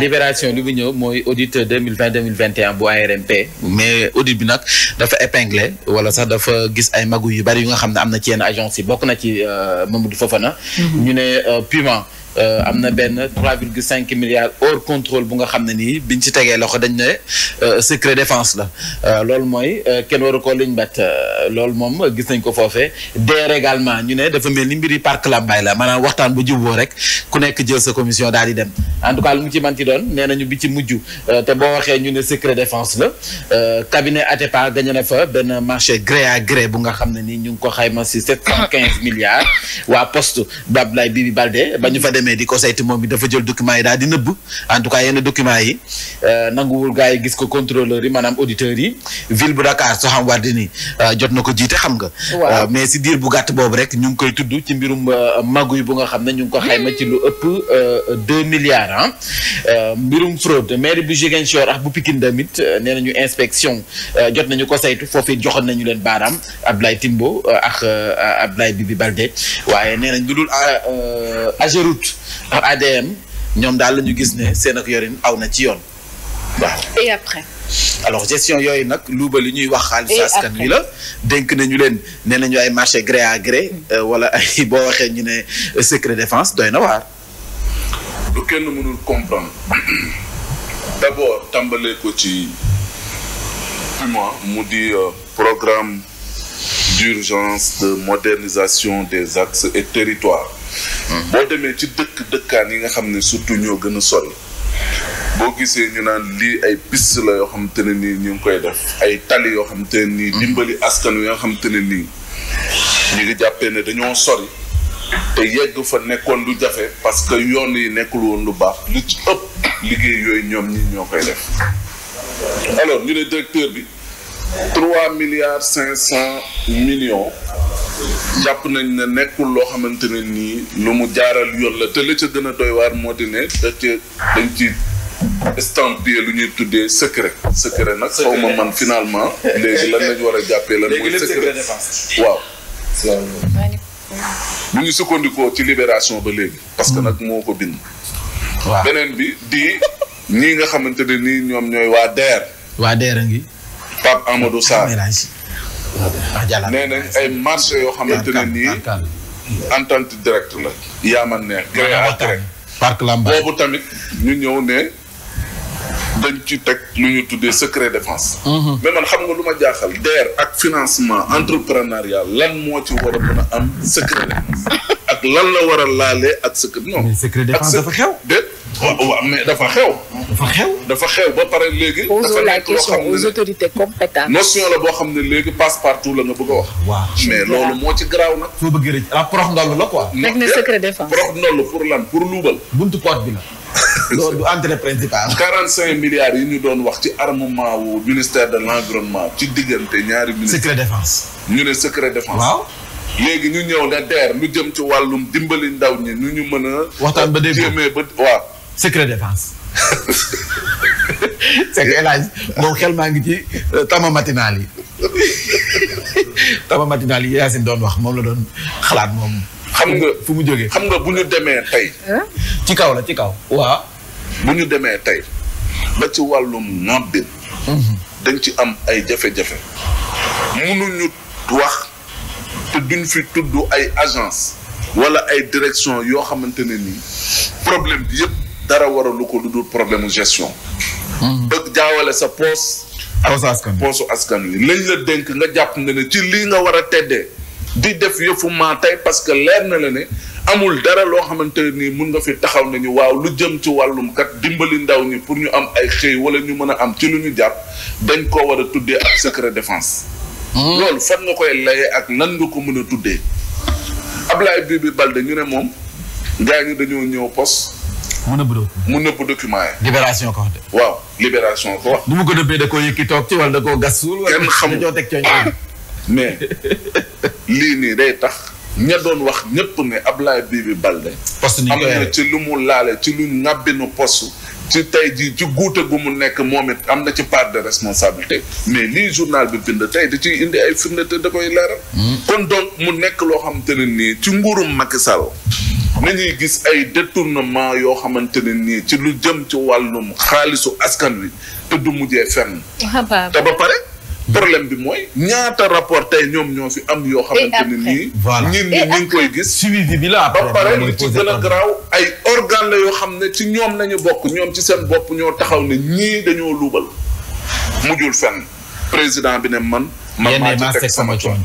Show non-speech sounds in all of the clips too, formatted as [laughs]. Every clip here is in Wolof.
libération li mu ñëw mooy audit deux mille vingt deux mille vingt et un bu ARMP. mais audit bi nag dafa épinglé wala sax dafa gis ay magu yu bari yu nga xam ne am na ci yenn agence yi bokk na ci euh, Mamadou Fofana. Mhm. ñu ne euh, Puma. Euh, am na benn 3,5 milliards hors contrôle bu nga xam ne nii biñ ci tegee loxo dañ ne euh, secret défense la euh, loolu mooy kenn waru ko liñ bat loolu moom gis nañ ko foofee dérégalement ñu ne dafa mel ni mbiri parc Lambaye la maanaam waxtaan bu juboo rek ku nekk jël sa commission daal di dem en tout cas lu mu ci manti doon nee nañu bi ci mujj te boo waxee ñu ne secret défense la cabinet Atepa gañe na fa benn marché gré à gré bu nga xam ne nii ñu ngi ko xayma si 715 milliards waa demee di ko saytu moom bi dafa jël documents yi daal di nëbb en yenn documents yi euh, nanguwul gars yi gis ko contrôleurs yi maanaam auditeurs yi ville bu Dakar Soham Wardini euh, jot na ko jiite xam nga. Euh, mais si diir bu gàtt boobu rek ñu ngi koy tudd ci mbirum maguy bu nga xam ne ñu ngi ko xayma ci lu ëpp deux milliards ah mbirum fraude maire bu Ziguinchor ak bu Pikine tamit nee nañu inspection jot nañu ko saytu foofee joxoon nañu leen baaraam Abdoulaye Timbo ak Abdoulaye Bibi Baldé waaye def ADM ñoom daal lañu gis ne seen ak yorin aw na ci yoon waaw. et gestion yooyu nag luuba li ñuy wax xaalis askan wi la dénk nañu leen nee nañu ay marché gré à gré mm. euh, wala ay [laughs] boo waxee ñu ne euh, secret défense doy na waar. lu kenn mënul comprendre [clears throat] d'abord tàmbalee ko ci moi mu di euh, programme d'urgence de modernisation des axes et territoires. boo demee ci dëkk dëkkaan yi nga xam ne surtout ñoo gën a sori boo gisee ñu naan lii ay piste la yoo xam te ne nii ñu ngi koy def ay tali yoo xam te nii mm-hmm. dimbali askan wi nga xam te ne nii ñu ngi ne dañoo sori te yegg fa nekkoon lu jafe parce que yoon yi nekkul woon lu baax li ci liggéey yooyu ñoom ñi ñoo koy def alors ñu ne directeur bi trois milliards cinq cent millions jàpp nañ ne nekkul loo xamante ne nii lu mu jaaral yoon la te la ca gën a doy waar moo di ne da ca dañ ci estampillé lu ñuy tuddee secret secret nag xaw ma man finalement léegi lan lañ war a jàppee lan mooy secret waaw bu ñu sukkandikoo ci libération ba léegi parce que hmm. nag moo ko bind beneen bi di ñii nga xamante ne nii ñoom ñooy waa DER waa DER a ngi Pape Amadou Sarr nee nañ ay marché yoo xamante ne nii entente directe la yaa man ne gré à boobu tamit ñu ñëw ne dañ ci teg lu ñu tuddee secret défense mhm. mais man xam nga lu ma jaaxal DER ak financement entrepreneurial lan moo ci war a mën a am secret défense [laughs] ak lan la war a laalee ak secret non secret défense dafa xew déet waaw oh, oh, mais dafa xew. dafa xew dafa xew ba pare léegi. dafa nekk loo xam ne aux autorités compétentes. notion la boo xam ne léegi passe partout la nga bëgg a wax. waaw mais loolu moo ci garaw nag. soo bëggee rek ah la quoi. nekk na eh, secret défense prox ndollu pour lan pour luubal. buntu porte bi la. [laughs] loolu du entrée principale. quarante cinq milliards yi ñu doon wax ci armement wu ministère de l' environnement ci diggante ñaari. ministère secret défense. ñu ne secret défense léegi ñu ñëw ne DER lu jëm ci wàllum dimbali ndaw ñi ñu ñu mën a. waxtaan ba dégg ba waaw. secret défense. [laughs] c'est que El moom xel maa ngi ci euh, tama matinal yi [laughs] tama matinal yi Yacine doon wax moom la doon xalaat moom. xam nga fu mu jógee. xam nga bu ñu demee tey. ci kaw la ci kaw. waaw bu ñu demee tey ba ci wàllum noddin. Mhm. dañ ci am ay jafe-jafe. mënuñu wax te duñ fi tudd ay agence wala ay direction yoo xamante ne nii problème bi yëpp. dara waralu ko lu dul problème gestion. Hmm. bëgg jaawale sa poos. poosu askan wi poosu askan wi lañ la dénk nga jàpp na ne ci lii nga war a teddee. di def yëfu maa tey parce que leer na la ne amul dara loo xamante nii mun nga fi taxaw nañu waaw lu jëm ci wàllum kat dimbali ndaw ñi pour ñu am ay xëy wala ñu mën a am ci lu ñu jàpp dañ koo war a tuddee ak secret defence hmm. loolu fan nga koy layee ak nan nga ko mën a tuddee. ab Ablaye Bibi Balde ñu ne moom gaa ñi dañoo ñëw pos mu nëbb mu nëbb document yi. libération ko waaw libération ko wax. nu mu ko dëppee da koo yëkki toog ci wala da koo gas suul. kenn xamul da teg cooñ mais lii nii day tax. ña doon wax ñëpp ne Ablaye Bibi Balde. poste am na ci lu mu laale ci lu ñàbbinu poste. ci tey jii ci guute gu mu nekk moom it am na ci part de responsabilité mais lii journal bi bind tey da ci indi ay firnde te da koy leeral. Hmm. kon doon mu nekk loo xam te ne nii ci nguurum Macky Sall nañuy gis ay détournement yoo xamante ne nii ci lu jëm ci wàllum xaalisu askan wi te du mujjee fenn. Ah, te ba pare problème bi mooy ñaata rapport tey ñoom ñoo fi am yoo xamante ne nii. voilà ñun ñu ngi koy gis. suivi bi la ba pare lu ci gën a garaaw ay organe la yoo xam ne ci ñoom nañu bokk ñoom ci seen bopp ñoo taxaw ne ñii dañoo luubal mujjul fenn président bi ne man. man maa ci teg sama coono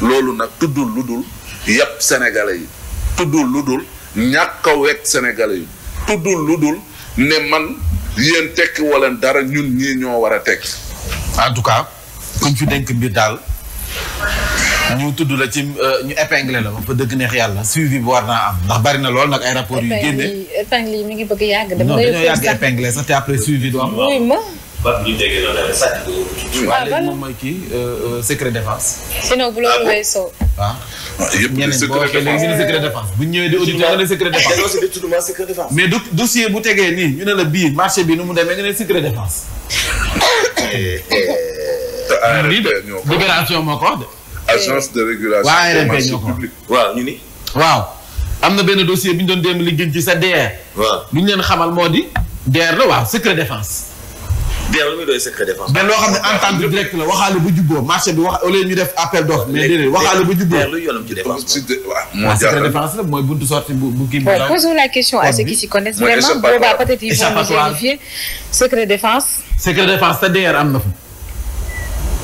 loolu nag tuddul lu dul yëpp sénégalais yi. tuddul lu dul ñàkk wet wekk sénégalais yi tuddul lu dul ne man yéen tekki wala dara ñun ñii ñoo war a tekk en tout cas kuñ fi denk mbir daal ñu tudd la ci euh, ñu épinglé la ba dëgg neex yàlla suivi bi war naa am ndax bari na lool nag ay rapport yu génne épingle yi ñu ngi bëgg yàgg. dama lay yàgg épinglé sax te après suivi ba ñu déggee noonu moom mooy kii euh, euh, secret défense. sinon bu loolu lay ah, sow. Ah. ah yëpp ñeneen boo waxee léegi ñu ne secret défense bu ñu ñëwee di auditeur nga ne secret défense. bu tegee nii ñu ne la bii marché bi nu mu demee nga ne secret défense. Eh, eh, eh, libération moo ko wax de. agence de régulation. waaw ARMP ñoo ko waaw ñu ni. waaw am na benn dossier bi ñu doon démb liggéey ci sa DR. lu ñu leen xamal moo di. DR la waaw secret défense. bien lu muy doy secret défense. mais loo xam ne entente directe la waxaale ba jubboo marché bi wax au lieu ñu def appel d'offre mais déedéet waxaale ba jubboo. lu yoonam ci défense ah, secret défense la mooy buntu sorti bu bu kii bi. waaw posons la question à ceux qui s'y connaissent vraiment boobaa peut-être ils vont nous édifier secret défense. secret défense te DR am na fa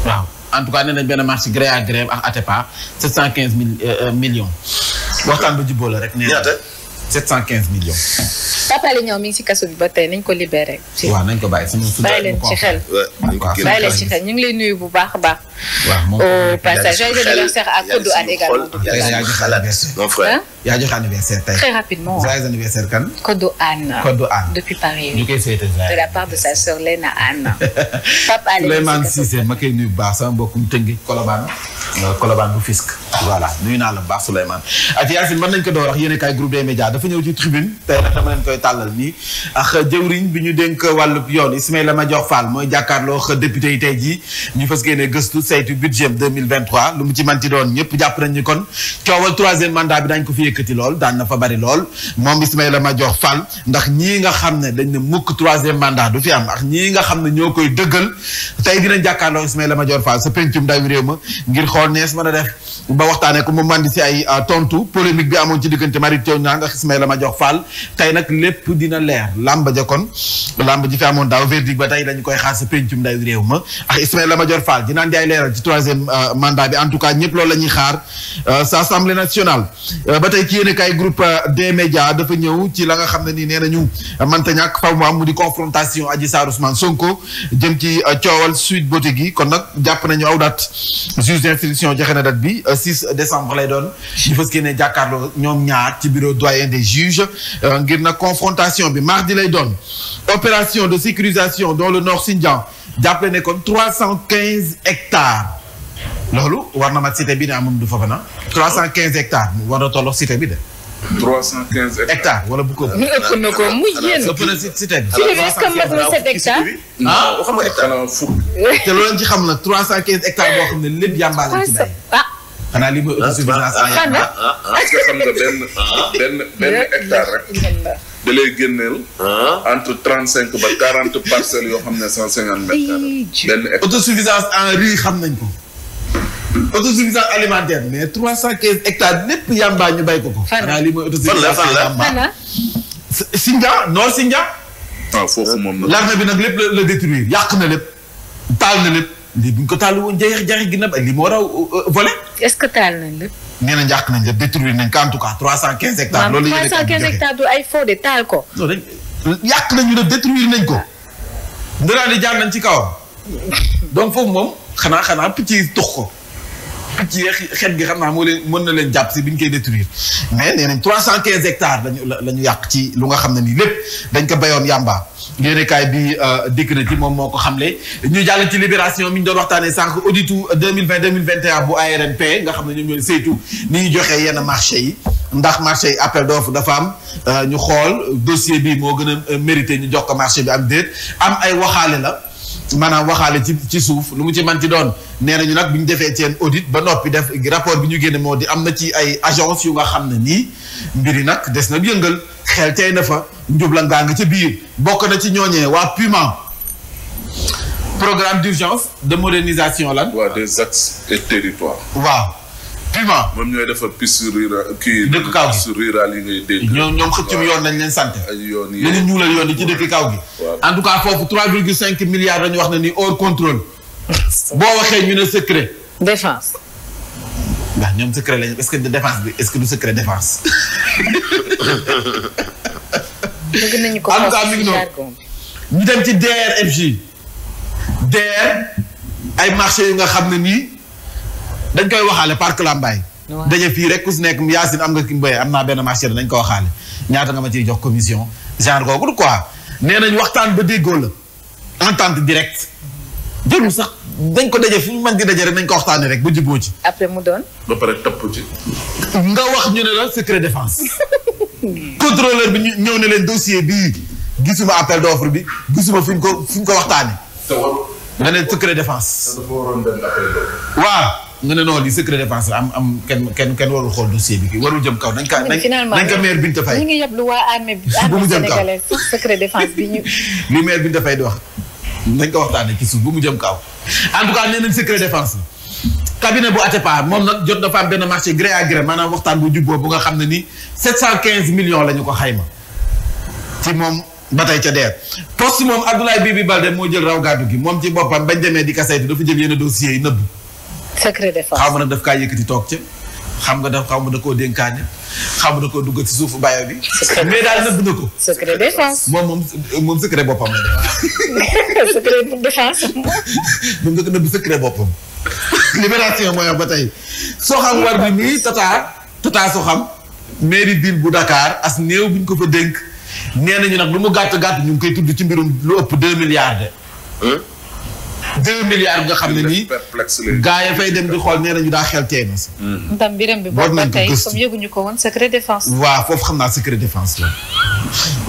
waaw. en tout cas nee nañ benn marché gré à gré ak Atepa 715 mille euh, euh, millions waxtaan ba jubboo la rek. nee na 715 millions. Papa Alé Niang mi ngi si kaso bi ba tey nañ ko libéré. waaw nañ ko bàyyi suñu bàyyi leen ci xel bàyyi leen ci xel ñu ngi lay nuyu bu baax a baax. waaw moom oh, passage joyeux anniversaire à Kodou Anne également. yaa joxe anniversaire mon frère. yaa joxe anniversaire tey. très rapidement joyeux anniversaire kan. Kodou Anne. Kodou Anne depuis Paris. ñu koy seetlu de la part de sa sœur Lena Anne. [laughs] Papa Alé Souleymane Cissé koy nuyu bu baax sama mbokkum tëngi Colobane. Euh, Colobane bu Fisk. nuyu naa la bu baax Souleymane ak Yacine mën nañ ko door wax yéen a kaay groupe des médias dafa ñëw ci tribune tey nag dama koy koy tàllal nii ak jëwriñ bi ñu dénk wall yoon Ismaïla Madior faal mooy jàkkaarloo ak député yi tey jii ñu fas génne gëstu saytu budget 2023 lu mu ci manti doon ñëpp jàpp nañ ni kon coowal troisième mandat bi dañ ko fi yëkkati lool daan na fa bari lool moom Ismaïla Madior Fall ndax ñii nga xam ne dañ ne mukk troisième mandat du fi am ak ñii nga xam ne ñoo koy dëggal tey dinañ jàkkaarloo Ismaïla Madior Fall sa pencum ndaw réew ma ngir xool nees mën a def ba waxtaanee ko mu mandi si ay tontu polémique bi amoon ci diggante Mary Teuw Niane ak Ismaïla Madior Fall tey nag lépp dina leer làmb ja kon làmb ji fi amoon daaw verdict ba tey dañu koy xaar sa péncum ndayu réew ma ak Ismaïla Madior Fall dinaan jaay leeral ci troisième euh, mandat bi en tout cas ñëpp loolu la ñuy xaar euh, sa assemblée nationale euh, ba tey ci yéen kay groupe des médias dafa ñëw ci la nga xam ne nii nee nañu manta ñàkk faw mu am mu di confrontation Adji Sarr Ousmane Sonko jëm ci coowal Sweet Beauté gi kon nag jàpp nañu aw juge d'instruction joxe na date confrontation bi mardi lay doon opération de sécurisation dans le nord Sindian jàppale ne comme trois cent quinze hectares loolu war na mat cité bi ne amul du Fofana. trois cent quinze hectares war na tolloo cité bi de. trois cent quinze hectares wala bu ko. mu ëpp na ko muy yéen. ëpp na si cité bi. ah xam nga hectare te loolu lañ ci xam na trois cent quinze hectares boo xam ne lépp yàmbaa lañ ci bay. xanaa li mooy autosuffisance en yàmba. ah ah ah. parce que xam nga benn benn benn hectare rek. da lay génneel. Ah. entre trente cinq ba quarante parcelles yoo xam ne cent cinquante mètres carrés. benn autosuffisance en riz xam nañ ko. autosuffisance alimentaire mais trois cent quinze hectares lépp yamba ñu bay ko ko. fan la fan la fan la. Sindia non Sindia. waaw ah, foofu moom la. l'armée bi nag lépp la la détruire yàq na lépp taal na lépp. lii bu ñu ko taal woon jayax jayax gi na ba lii moo war a euh, volé. est-ce que taal nañ lépp. nee na nañ la détruire nañ ko en tout cas trois cent quinze hectares. loolu yële trois cent quinze hectares du ay faux de taal ko. non dañ yàq nañu la nañ ko. ndaraale jaar nañ ci kawam. donc foofu moom xanaa xanaa picc yi tux ko. picc yi xet gi xam naa moo leen mën na leen jàpp si bi ñu koy détruire mais nee nañ trois cent quinze hectares lañu ñu yàq ci lu nga xam ne nii lépp dañ ko béyoon yàmbaa kaay bi euh, dikk na ci moom moo ko xam xamle ñu jàll ci libération mi ñu doon waxtaanee sànq auditu 2020 2021 bu ARMP nga xam ne ñoom saytu ni ñu joxee yenn marché yi ndax marché yi appel d'offre dafa am euh, ñu xool dossier bi moo gën a ñu jox ko bi am déet am ay waxaale la maanaam waxaale ci ci suuf lu mu ci man ci doon nee nañu nag bi ñu defee seen audit ba noppi def rapport bi ñu génne moo di am na ci ay agence yu nga xam ne nii mbiri nag des na yëngal xel tey na fa njubla ngaa nga ca biir bokk na ci ñooñee waa Puma programme d'urgence de modernisation lan. waa des axes et territoires. waaw. effectivement moom ñooy defar piste rural kii. dëkk kaw gi piste rural yi ngay dégg. ñoom ñoom xëccum yoon nañ leen sant. ay ñu ñuulal yoon yi ci dëkk kaw gi. en tout cas foofu 3,5 milliards la wax ne ni hors contrôle. boo waxee ñu ne secret. défense. que défense bi est-ce que du mi ngi noonu ñu dem ci DRFJ. DR ay marché yu nga xam ne nii. dañ koy waxaale parc Lambaye daje fii rek ku si nekk Yacine am nga ki mbéy am naa benn marché dañ ko waxaale ñaata nga ma ciy jox commission genre googu quoi nee nañ waxtaan ba déggoo la entente directe jëlu sax dañ ko daje fu ñu mën di daje rek nañ ko waxtaanee rek bu juboo ci. après mu doon. ba pare topp ci. nga wax ñu ne la secret défense. [laughs] contrôleur bi ñu ñëw ne leen dossier bi gisuma appel d'offre bi gisuma fi ñu ko fi ñu ko waxtaanee. nga ne secret defence dafa waroon benn nga ne non li secret défense am am kenn kenn kenn warul xool dossier bi kii warul jëm kaw. nañ ka nañ ka maire Binta Faye. ñu ngi yab lu [laughs] bi ñu. [laughs] li wax nañ ko waxtaanee ci suuf bu mu jëm kaw en tout cas nee nañ secret défense la. cabinet bu Atepa moom nag jot na am benn marché gré à gré maanaam waxtaan bu jubboo bu nga xam ne ni cent 715 millions la ñu ko xayma ci moom ba tey ca DER. poste moom Abdoulaye Bibi Balde moo jël raw gàddu gi moom ci boppam bañ demee di ka saytu dafa jël secret défense xaw ma nag daf kaa yëkkati toog ca. xam nga da xaw ma da koo dénkaane xaw ma da koo dugg si suufu bayo bi. mais daal nëbb na ko. secret défense moom moom moom secret boppam la def. [laughs] secret défense. moom da ko nëbb secret boppam. [laughs] ba tey. soo xam war bi nii tata tata soo xam. mairie ville bu dakaar as néew bi ñu ko fa dénk. nee nañu nag lu mu gàtt gàtt ñu ngi koy tudd ci mbirum lu ëpp deux milliards de. Hmm? deux milliards nga xam ne nii. gaa ya fay dem di xool nee nañu daa xel tee na si. Mm. ndam biram bi boobu ba tey comme yëguñu ko woon secret défense. waaw foofu xam naa secret défense la.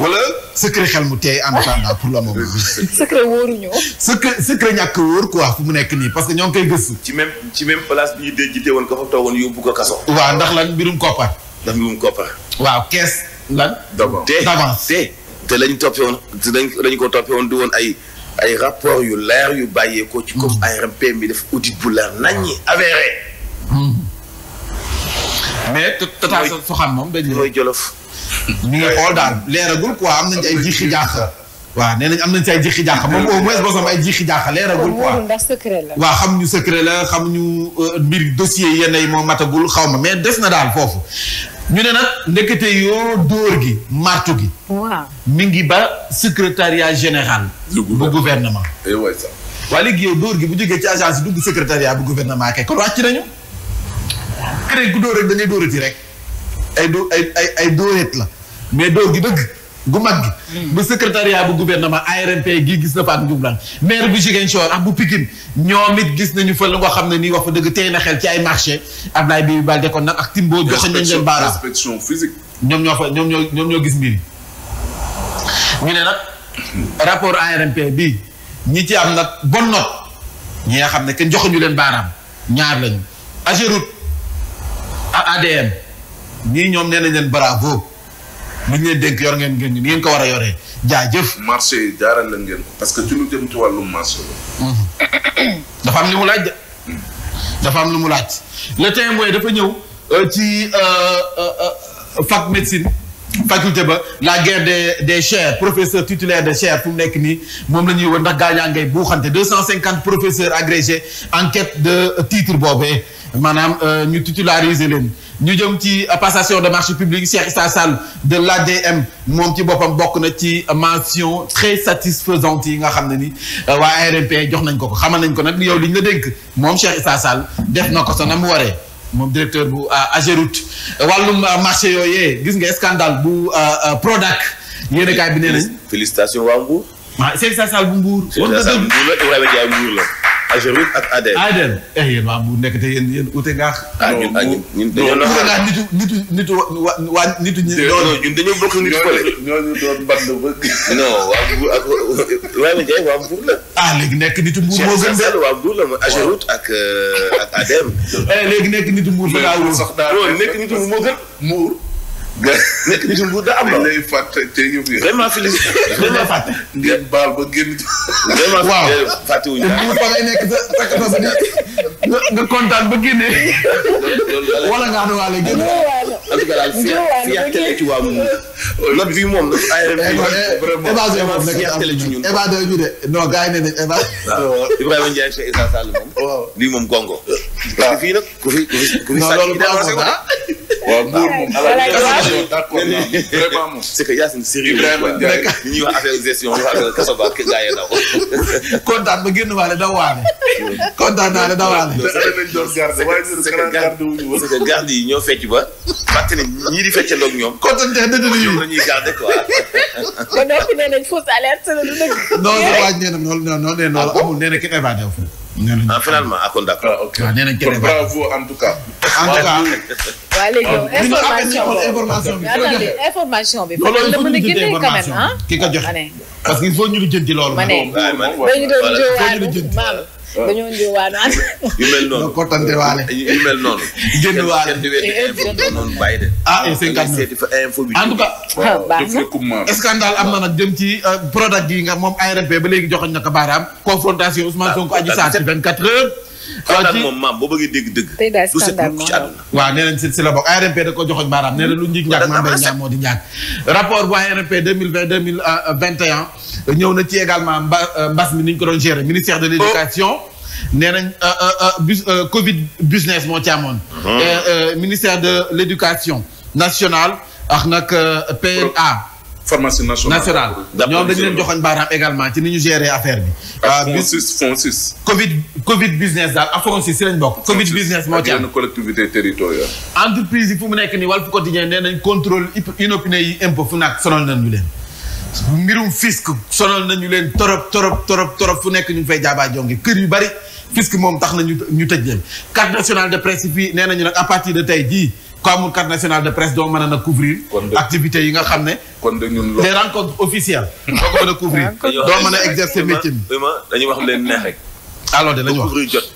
wala secret xel mu teey en attendant pour le moment. [laughs] secret wóoruñu. secret secret ñàkk wóor quoi fu mu nekk nii parce que ñoo ngi koy gëstu. ci ci même place bi ñu déjjite woon ko fa toogoon yóbbu ko kaso. waaw ndax lan mbirum koppar. ndax mbirum koppar. waaw kees lan. d'avance te te lañ toppee woon te lañ ko toppee woon du woon ay. ay rapport yu leer yu bàyyeekoo ci comme hmm. ARMP mi def audit bu leer nañ naññi hmm. avéré. Hmm. mais Tata Soxane moom dañ mooy jolof. ñu ngi xool daal leeragul quoi am nañ ci ay jiixi jaaxa. waa nee nañ am na ci ay jiixi jaaxa moom au moins bosam ay jiixi jaaxa leeragul quoi ndax secret la. xam ñu secret la xam ñu euh, mbir dossier yenn yi moo matagul xaw ma mais def na daal foofu. ñu ne nag ndekete yoo dóor gi martu gi. waaw mi ngi ba secrétariat général. bu gouvernement bu gouvernement. Eh waa léegi yow dóor gi bu jógee ci agence dugg secrétariat bu gouvernement kay kon wàcc nañu. keneen ku dóor rek da ngay dóorati rek. ay do ay ay ay dóoreet la mais dóor gi dëgg. gu mag gi mm. bu secrétariat bu gouvernement ARMP gii gis na fa ak njublaan maire bu Ziguinchor ak bu Pikine ñoom it gis nañu fa la nga xam ne nii wax fa dëgg tey na xel ci ay marché Abdoulaye Bibi Baldé kon nag ak Timbo joxoñ nañ leen baaraam inspection physique ñoom ñoo fa ñoo ñoo gis mbir yi ñu ne nag rapport ARMP bi ñi ci am nag bon note ñi nga xam ne kenn joxuñu leen baaraam ñaar lañu Ageroute ak ADM ñii ñoom nee nañ leen bravo lu ñu leen dénk yor ngeen ngeen ni ngeen ko war a yoree jaajëf. marché yi jaaral la ngeen parce que ci lu jëm ci wàllu marché la. [coughs] dafa am lu mu laaj de. dafa am lu mu laaj. le thème mooy dafa ñëw euh, ci euh, euh, fac médecine. faculté ba la guerre des des chaires professeur titulaire de chaire fu nekk nii moom la ñuy wër ndax gaañaa ngay buuxante deux cent cinquante professeurs agrégés en de titre boobee maanaam euh, ñu titulariser leen ñu jëm ci passation de marché public Cheikh Issa de de l'ADM moom ci boppam bokk na ci mention très satisfaisante yi nga xam ne ni euh, waa ARMP jox nañ ko ko xamal nañ ko nag yow liñ la dénk moom Cheikh Issa Sall def na ko sa na mu waree moom directeur bu euh, Ageroute wàllum euh, marché yooyee gis nga scandale bu euh, Prodac yéen a bi nee nañ. félicitation waa Mbour. ah Seydou Sassal bu Mbuur. Seydou Sassal bu Mbuur la Ibrahima Ndiaye Mbuur la. Ageroute ak ADN. ADN eh yéen waa bu nekk te yéen yéen ute ngaa. ah ñun ah ñun ñun dañoo naan nitu nitu nitu wa waa nitu ñi. non ñun dañoo bokk nitu fële. ñooñu doon band ba. non waa Mbour ak Ibrahima Ndiaye waa Mbour la. ah léegi nekk nitu Mbour moo gën de. waa Mbour la mooy Ageroute ak euh, ak ADN. Eh, léegi nekk nitu Mbour. mais soxna non nekk nitu Mbour moo gën Mbour. nekk bu da am na. [laughs] lay fàtte te yëf yi. ba génn. vraiment fàtte wuñu fa ngay nekk nga kontaan ba génnee. [laughs] wala nga xam ne waa lay génn. en tout la ci waa mu. lot bi moom vraiment fierté la ci ñun. évadé ñu de non gars yi ne nañ moom. waaw waaw fii nag ku fi ku fi ku fi. non loolu waaw Mbour moom vraiment moom. c'est que y a une série Ibrahima Ndiaye ñuy wax affaire gestion ñu wax affaire kaso ba ak gars yi daw. kontaan ba génn waale dawaane. kontaan naa ne dawaane. c'est que garde yi ñoo fecc ba. fàtte ne ñii di fecc loog ñoom. kontaan te dëgg yi ñoom la ñuy garder quoi. ba noppi nee nañ fausse alerte la du dëgg. non non waa ñu ne noonu noonu nee na amul nee na kenn évadé wu. ah finalement ah kon d'accord. ah ok ah, kon bravo en tout cas. en tout cas. waa léegi ah, information bi. information bi. Ah. parce que il faut ñu jëndi loolu. ma ne ma ne ma ne Ah. dañoo ñëw waanaat. yu mel noonu nga kottante waale. yu mel noonu. jënd [laughs] waale eh, ah eh, cinquante ah, scandale am na nag jëm ci euh, product yi nga moom ARMP ba léegi joxoñ na ko baaraam. confrontation Ousmane ah, Sonko Adji Sarr ci 24 heures. waaw ah, ci moom maam boo bëggee dégg dëgg. tey daal scandale moom du set nee nañ si la bokk ARMP da ko joxoñ baaraam nee na lu njig njaag maa mbay ñaar moo di njaag. rapport bu ARMP ñëw na ci également mba euh, mbas mi ni ko doon gérer ministère de oh. l' nee nañ euh, euh, bus Covid business moo ci uh-huh. ministère de l' éducation nationale ak nag PNA. formation nationale. nationale ñoom dañu leen joxoñ baaraam également ci ni ñu gérer affaire bi. ah, ah fonds six fonds six. Covid Covid business daal ak fonds fu mu nekk nii Walf Quotidien nee nañ contrôle inopiné yi impôt fu nag sonal nañu leen. mbirum fisc sonal nañu leen torop torop torop torop fu nekk ñu ngi fay jaabaa jonge kër yu bari fisc moom tax na ñu ñu tëj leen. carte nationale de presse fii nee nañu nag à partir de tey jii. ko amul carte nationale de presse doo mën a na couvrir. activités yi nga xam ne. kon de ñun loolu les rencontres officielles. [laughs] doo ko mën a couvrir doo mën a exercer métier bi. dañuy wax leen neex rek. alors de la ñu wax ba couvrir jot.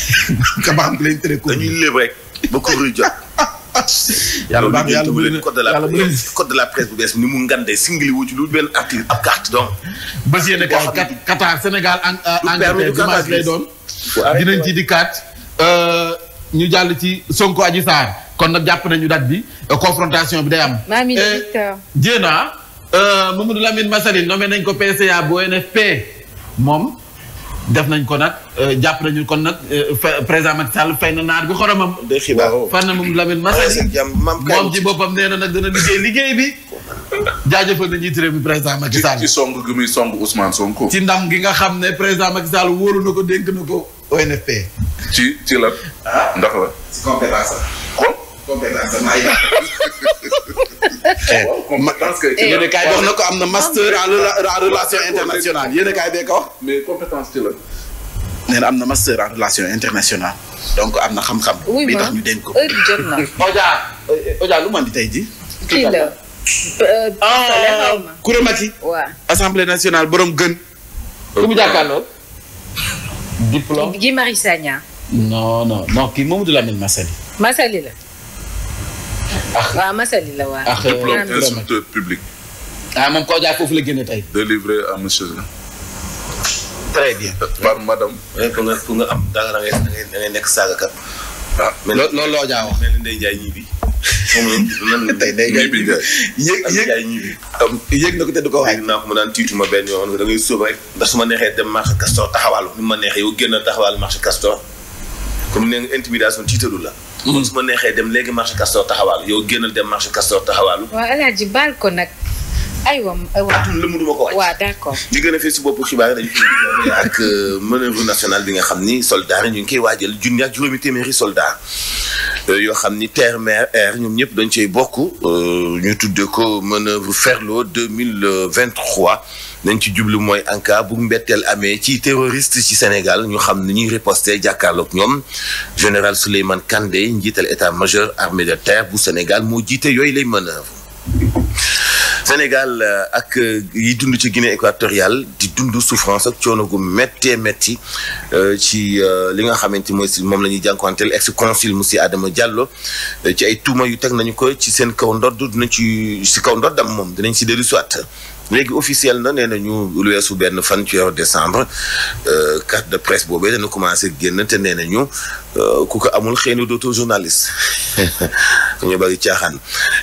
[laughs] kabaam lañ tere couvrir dañuy léeb rek ba couvrir jot. [laughs] yàlla baax na yàlla bëri na yàlla bëri na code de la presse bu bees ni mu ngandee singli wu ci lu benn article ab carte donc. ba si yéen a Qatar Sénégal Angleterre dimanche lay doon. dinañ ci dikkaat. Euh, ñu jàll ci Sonko Adji Sarr kon nag jàpp nañu date bi euh, confrontation bi day am. maami Victor Diena euh, Mamadou Lamine Massaly nommé nañ ko PCA bu ONFP moom def nañ ko nag euh, jàpp nañu kon nag président Macky Sall fay na naar bi xoromam. de xibaar far na Mamadou Lamine Massaly moom ci boppam nee na nag dana liggéey liggéey bi. jaajëfal na njiit réew mi président Macky Sall. ci song gi muy song Ousmane Sonko. ci ndam gi nga xam ne président Macky Sall wóolu na ko dénk na ko ONFP. ci ci la. ah ndax la. ci compétence [laughs] eh, la. wax na ko am na master en relation internationale yéen a kaay bee ko wax. mais ci la. nee na am na master en relation internationale. donc am na xam-xam. bi tax ñu dénk ko. heure bi jot na. [laughs] Oja eh, Oja lu mu andi tey ji. kii la. Euh, assemblée nationale borom gën. Euh, mu jàkkaarloo. diplôme Guy Marius Sagna. non non non kii Mamadou Lamine Massaly. Massaly la. ah waaw Massaly la waaw. ah diplôme inspecteur public. ah moom koo jaay foofu la génne tey. délivré à monsieur. très bien. par madame. nekk saagakat. waaw looloo wax. mel ni Ndeye Ndiaye moom tey day gay ñibbi yéeg na ko te du ko waay naa ko mu daan tiitu ma benn yoo da ngay soob rek ndax su ma neexee dem marché Castor taxawaalu ni ma neexee yow génn taxawaalu marché Castor comme nee nga intimidation tiitalu la mun mm-hmm. su ma neexee dem léegi marché Castor taxawaalu yow génnal dem marché Castor taxawaalu waa Alaaji baal ko nag aywa aywa atum lëmm du ma ko wàcc. waaw d'accord li gën a boppu xibaar dañu koy ak euh, manœuvre nationale bi nga xam ni soldats yi ñu ngi koy waajal junni ak juróomi téeméeri soldats euh, yoo xam ni terre mer air ñoom ñëpp dañ cey bokk. Euh, ñu tuddee ko manœuvre Ferlo deux mille vingt trois nañ ci jublu mooy en cas bu mbetteel amee ci terroriste ci Sénégal ñu xam ni ñuy riposté jàkkaarloog ñoom général Souleymane Kandé njiital état major armée de terre bu Sénégal moo jiitee yooyu lay manœuvre. Sénégal euh, ak euh, yi dund ci Guinée équatoriale di dund souffrance ak coono gu méttee métti euh, ci li nga xamante mooy si moom la ñuy jànkuwanteel ex consul monsieur Adama Diallo ci ay tuuma yu teg nañu ko ci seen kaw ndodd dinañ ci si kaw dam moom dinañ si dellu siwaat léegi officiel na nee nañu lu weesu benn fan ci weeru décembre euh, carte de presse boobee dana commencé génn te nee nañu euh, ku ko amul xëy na dootoo journaliste [laughs] ñu bëri caaxaan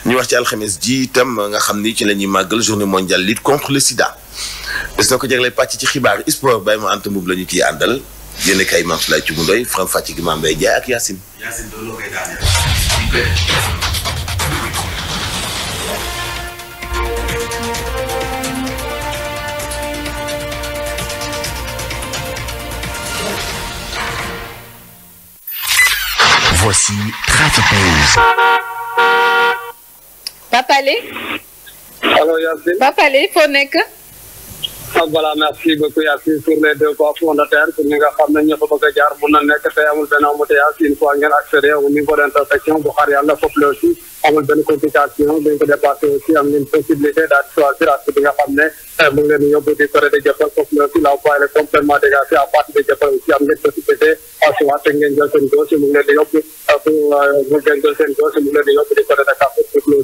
ñu wax ci alxemes jiitam nga xam ni ci la ñuy màggal journée mondiale lutte contre le sida des na ko jagleel pàcc ci xibaar sport bàyyi ma anta boobu la ñu ciy àndal yéen kay maam ci Thioub Ndoye faram fàcc gi maam Mbaye Ndiaye ak Yacine. Yacine loolu Voici Trafic News. Papalé. allo Yacine. Papalé foo nekk. ak voilà merci beaucoup Yacine pour les deux voies fondataires pour ñi nga xam ne ñoo fa bëgg a nekk tey amul benn embouteillage une fois ngeen accédé au niveau d' intersection bu xaar yàlla foofu la aussi amul benn complication dañ ko aussi am nañ possibilité daal choisir ak bi nga xam ne eh, mu ngi di yóbbu de Jëppal foofu la aussi la voie de Jëppal aussi am ngeen possibilité soit ngeen jël seen gauche di yóbbu eh, pour euh, ngeen jël seen gauche